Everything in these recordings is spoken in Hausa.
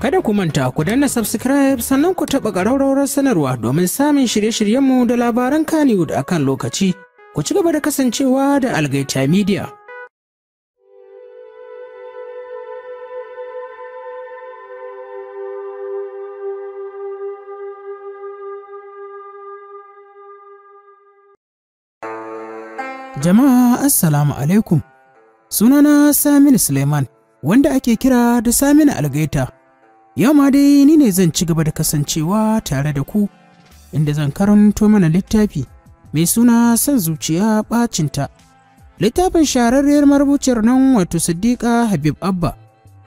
Kada ku manta ku danna subscribe sannan ku taɓa ƙararrawar sanarwa domin samun shirye-shiryenmu da labaran Kannywood a kan lokaci. Ku ci gaba da kasancewa da Algaita Media. Jama'a Assalamu alaikum. Sunana Saminu Suleiman, wanda ake kira da Saminu Algaita. Yau ma dai ni ne zan ci gaba da kasancewa tare da ku, inda zan karanto mana littafi mai suna son zuciya bacinta. Littafin shahararriyar marubuciyar nan wato Siddiƙa Habib Abba.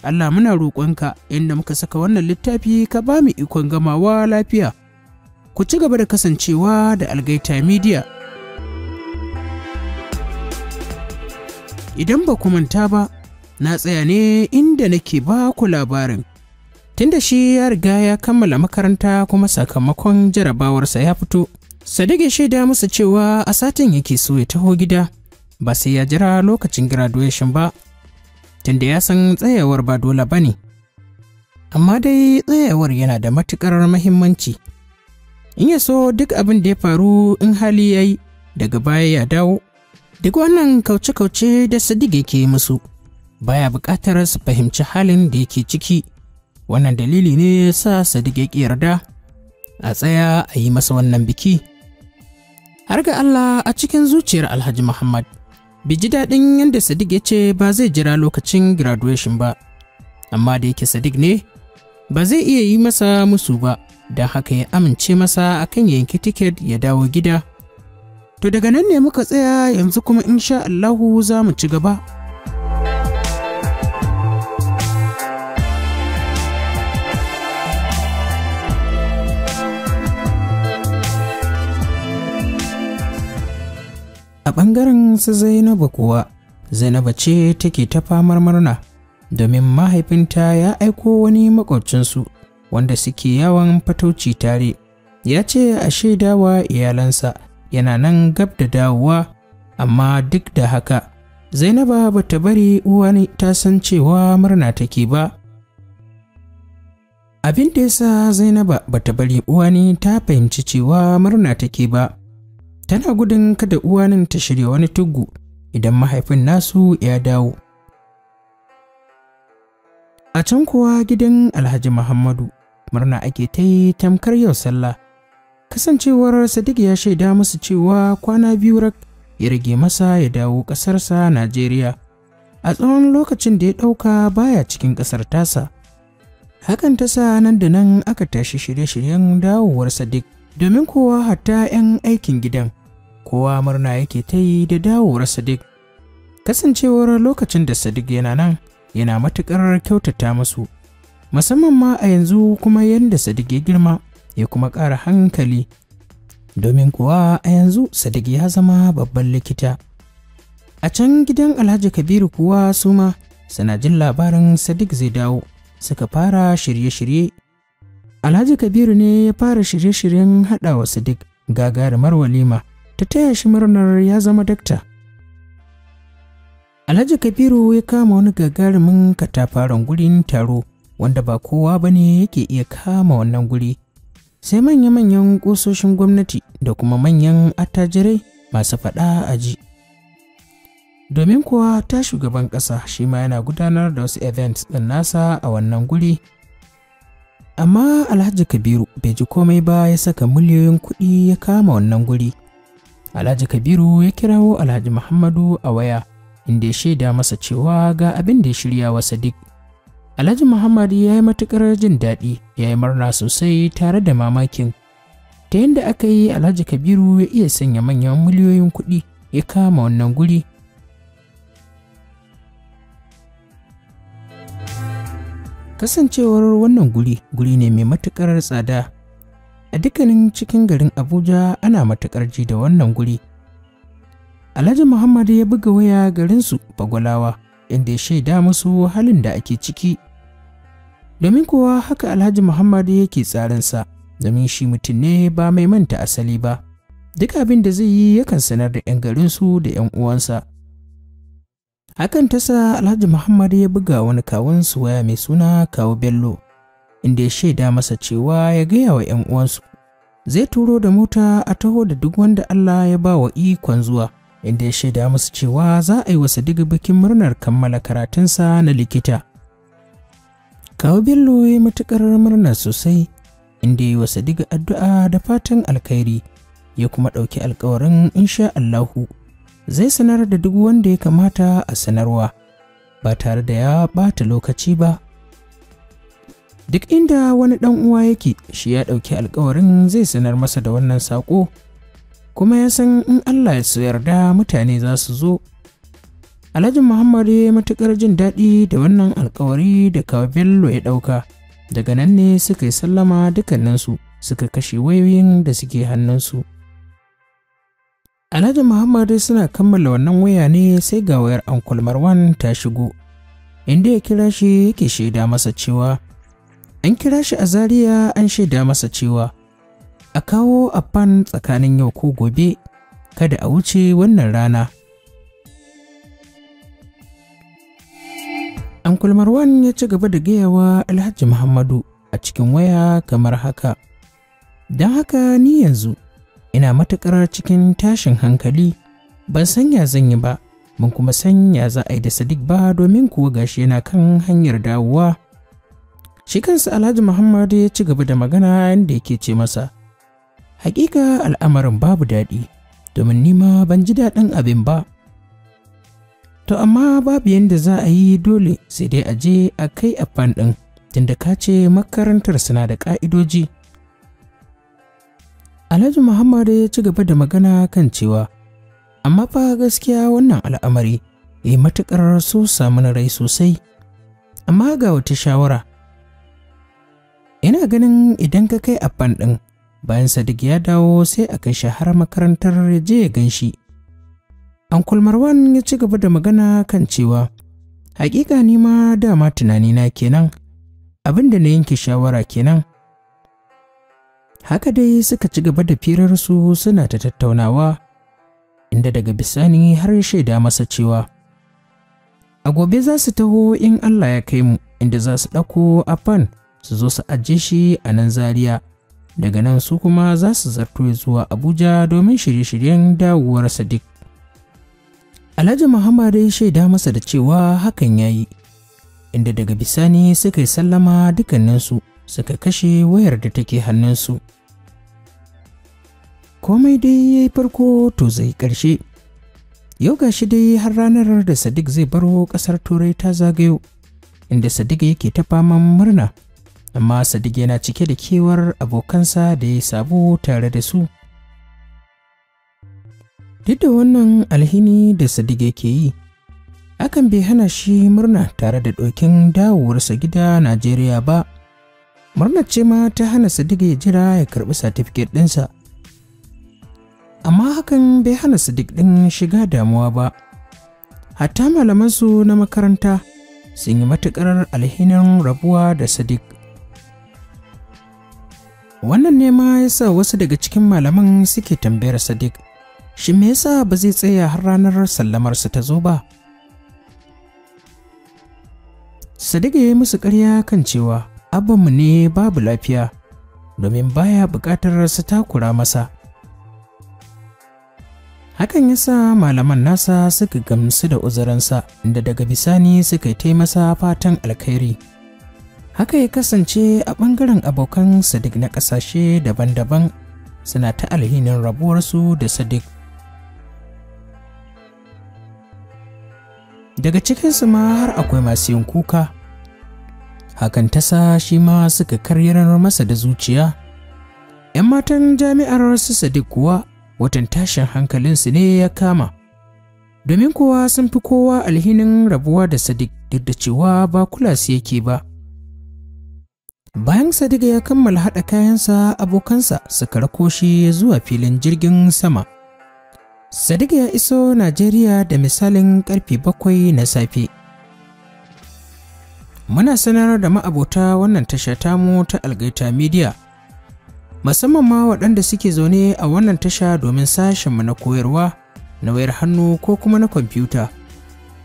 Allah muna roƙonka inda muka saka wannan littafi ka ba mu ikon gamawa lafiya. Ku ci gaba da kasancewa da Algaita Media. Idan ba ku manta ba, na tsaya ne inda nake ba ku labarin. tunda shi ya riga ya kammala makaranta kuma sakamakon jarabawarsa ya fito sadiq ya shaida musu cewa a satin yake so ya taho gida ba sai ya jira lokacin graduation ba tunda ya san tsayawar ba dole ba ne amma dai tsayawar yana da matuƙar mahimmanci in ya so duk abin da ya faru in hali ya yi daga baya ya dawo duk wannan kauce-kauce da sadiq yake musu baya buƙatar su fahimci halin da yake ciki wannan dalili ne ya sa sadiq ya yarda a tsaya a yi masa wannan biki har ga allah a cikin zuciyar alhaji muhammad bai ji daɗin yadda sadiq ya ce ba zai jira lokacin graduation ba amma da yake sadiq ne ba zai iya yi masa musu ba don haka ya amince masa akan yanki tiket ya dawo gida to daga nan ne muka tsaya yanzu kuma insha allahu za mu ci gaba A ɓangaren su Zainabu kuwa, Zainabu ce take ta famar murna domin mahaifinta ya aiko wani makwabcinsu wanda suke yawan fatauci tare. Ya ce a shaidawa iyalansa yana nan gab da dawowa, amma duk da haka, Zainaba ba ta bari uwani ta san cewa murna take ba. Abin da ya sa Zainaba ba ta bari uwani ta fahimci cewa murna take ba. tana gudun kada uwanin ta shirya wani tugu idan mahaifin nasu ya dawo a can kuwa gidan alhaji muhammadu murna ake ta yi tamkar yau sallah kasancewar sadiq ya shaida musu cewa kwana biyu rak ya rage masa ya dawo ƙasarsa najeriya a tsawon lokacin da ya ɗauka baya cikin ƙasar tasa hakan ta sa nan da nan aka tashi shirye-shiryen dawowar sadiq domin kowa hatta 'yan aikin gidan kowa murna yake ta yi da dawowar sadiq kasancewar lokacin da sadiq yana nan yana matuƙar kyautata musu musamman ma a yanzu kuma yadda sadiq ya girma ya kuma ƙara hankali domin kuwa a yanzu sadiq ya zama babban likita a can gidan alhaji kabiru kuwa su ma suna jin labarin sadiq zai dawo suka fara shirye-shirye Alhaji Kabiru ne ya fara shirye-shiryen haɗa wa Sadiq gagarumar walima ta taya shi murnar ya zama dakta. Alhaji Kabiru ya kama wani gagarumin katafaren gurin taro wanda ba kowa ba ne yake iya kama wannan guri. Sai manya-manyan ƙososhin gwamnati da kuma manyan attajirai masu faɗa a ji. Domin kuwa ta shugaban ƙasa shi ma yana gudanar da wasu events ɗin nasa a wannan guri Amma Alhaji Kabiru bai ji komai ba ya saka miliyoyin kuɗi ya kama wannan guri. Alhaji Kabiru ya kirawo Alhaji Muhammadu a waya inda ya shaida masa cewa ga abin da ya shirya wa Sadiq. Alhaji Muhammadu ya yi matuƙar jin daɗi ya yi murna sosai tare da mamakin. Ta yadda aka yi Alhaji Kabiru ya iya sanya manyan miliyoyin kuɗi ya kama wannan guri Kasancewar wannan guri guri ne mai matuƙar tsada. A dukkanin cikin garin Abuja ana matuƙar ji da wannan guri. Alhaji Muhammad ya buga waya garinsu Bagwalawa. inda ya shaida musu halin da ake ciki. Domin kuwa haka Alhaji Muhammad yake tsarinsa, domin shi mutum ne ba mai manta asali ba. Duk abin da zai yi yakan sanar da 'yan garinsu da 'yan uwansa. Hakan tasa Alhaji Muhammad ya buga wani kawunsu waya mai suna Kawo Bello, inda ya shaida masa cewa ya gaya wa ‘yan uwansu. Zai turo da mota a taho da duk wanda Allah ya ba wa ikon zuwa, inda ya shaida musu cewa za a yi wasu diga bikin murnar kammala karatunsa na likita. Kawo Bello ya matuƙar murna sosai, inda ya yi diga addu'a da fatan alkhairi, ya kuma ɗauki alkawarin insha Allahu. zai sanar da duk wanda ya kamata a sanarwa ba tare da ya ɓata lokaci ba duk inda wani ɗan uwa yake shi ya ɗauki alkawarin zai sanar masa da wannan saƙo kuma ya san in Allah ya yarda mutane za su zo Alhaji Muhammad ya matuƙar jin daɗi da wannan alkawari da Bello ya ɗauka daga nan ne suka yi sallama dukkaninsu suka kashe wayoyin da suke hannunsu. Alhaji Muhammad suna kammala wannan waya ne sai ga wayar Uncle Marwan ta shigo. Inda ya kira shi yake shaida masa cewa an kira shi a Zaria an shaida masa cewa a kawo afan tsakanin yau ko gobe kada a wuce wannan rana. Uncle Marwan ya ci gaba da gayawa Alhaji Muhammadu a cikin waya kamar haka. Don haka ni yanzu ina matuƙar cikin tashin hankali ban san ya zan yi ba ban kuma san ya za a yi da sadiq ba domin kuwa gashi yana kan hanyar dawowa shi kansa alhaji muhammad ya ci gaba da magana inda yake ce masa hakika al'amarin babu daɗi domin nima ban ji daɗin abin ba to amma babu yadda za a yi dole sai dai a je a kai a fan ɗin tunda ka ce makarantar suna da ƙa'idoji Alhaji Muhammad ya ci gaba da magana kan cewa, amma fa gaskiya wannan al'amari ya eh, matuƙar so na rai sosai, amma ga wata shawara. Ina ganin idan ka kai a ɗin bayan Sadiq ya dawo sai a kai makarantar ya je ya gan shi. Marwan ya ci gaba da magana kan cewa, Hakika ni ma dama tunanina kenan, abin da na yanke shawara kenan. Haka dai suka ci gaba da firarsu suna ta tattaunawa, inda daga bisani har shaida masa cewa, A gobe za su taho in Allah ya kai mu, inda za su ɗauko afan su zo su ajiye shi a nan Zaria. Daga nan su kuma za su zarto zuwa Abuja domin shirye-shiryen dawowar Sadiq. Alhaji Muhammad shaida masa da cewa hakan ya yi, inda daga bisani suka yi sallama dukkaninsu suka kashe wayar da take hannunsu komai dai ya yi farko to zai ƙarshe yau ga shi dai har ranar da sadiq zai baro ƙasar turai ta zagayo inda sadiq yake ta faman murna amma sadiq yana cike da kewar abokansa da ya sabo tare da su duk da wannan alhini da sadiq yake yi akan bai hana shi murna tare da ɗokin dawowarsa gida najeriya ba murnar ce ma ta hana sadiq ya jira ya karɓi satifiket ɗinsa amma hakan bai hana sadiq ɗin shiga damuwa ba hatta malamansu na makaranta sun yi matuƙar alhinin rabuwa da sadiq wannan ne ma ya sa wasu daga cikin malaman suke tambayar sadiq shi me yasa ba zai tsaya har ranar sallamarsa ta zo ba sadiq ya yi musu ƙarya kan cewa mu ne babu lafiya domin baya buƙatar su takura masa hakan yasa malaman nasa suka gamsu da uzuransa, da daga bisani suka yi masa fatan alkhairi haka ya kasance a ɓangaren abokan sadiq na ƙasashe daban-daban suna ta alhinin rabuwarsu da sadiq daga cikinsu ma har akwai masu yin kuka hakan ta sa shi ma suka karyar masa da zuciya. ‘Yan matan jami'ar su Sadiq kuwa watan tashin hankalinsu ne ya kama, domin kuwa sun fi kowa alhinin rabuwa da Sadiq duk da cewa ba kula su yake ba. Bayan Sadiq ya kammala haɗa kayansa abokansa su rako shi zuwa filin jirgin sama. Sadiq ya iso Najeriya da misalin ƙarfe bakwai na safe. muna sanar da ma'abota wannan tasha mu ta algaita media musamman ma waɗanda suke zaune a wannan tasha domin sashenmu na koyarwa na wayar hannu ko kuma na kwamfuta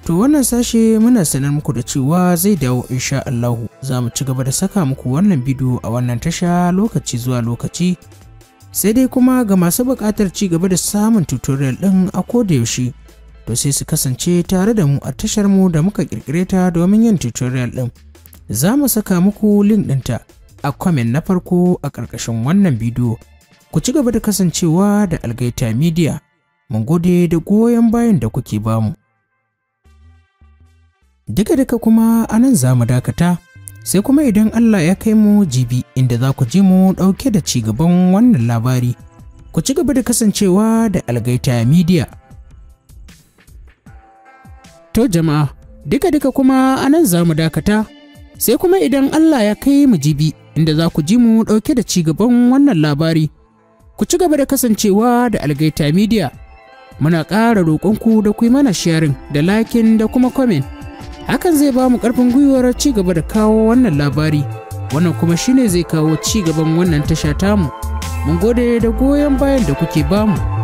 to wannan sashe muna sanar muku da cewa zai dawo insha Allahu za mu ci gaba da saka muku wannan bidiyo a wannan tasha lokaci zuwa lokaci sai dai kuma ga masu buƙatar ci gaba da samun tutorial ɗin a koda yaushe to sai su kasance tare da mu a tashar mu da muka kirkire ta domin yin tutorial ɗin. Za mu saka muku link ta a comment na farko a ƙarƙashin wannan bidiyo. Ku ci gaba da kasancewa da Algaita Media. Mun gode da goyon bayan da kuke bamu. Duka-duka kuma anan za mu dakata. sai kuma idan Allah ya kai mu jibi inda za ku ji mu ɗauke da ci gaban wannan labari. Ku ci gaba da kasancewa da Algaita Media. To jama'a, duka-duka kuma a nan za mu dakata, sai kuma idan Allah ya kai mu jibi inda za ku ji mu ɗauke da ci gaban wannan labari. Ku ci gaba da kasancewa da Algaita Media. Muna ƙara roƙonku da ku yi mana sharing da lakin da kuma comment. Hakan zai ba mu ƙarfin gwiwar ci gaba da kawo wannan labari. Wannan kuma shine zai kawo ci gaban wannan tasha tamu. Mun gode da goyon bayan da kuke bamu.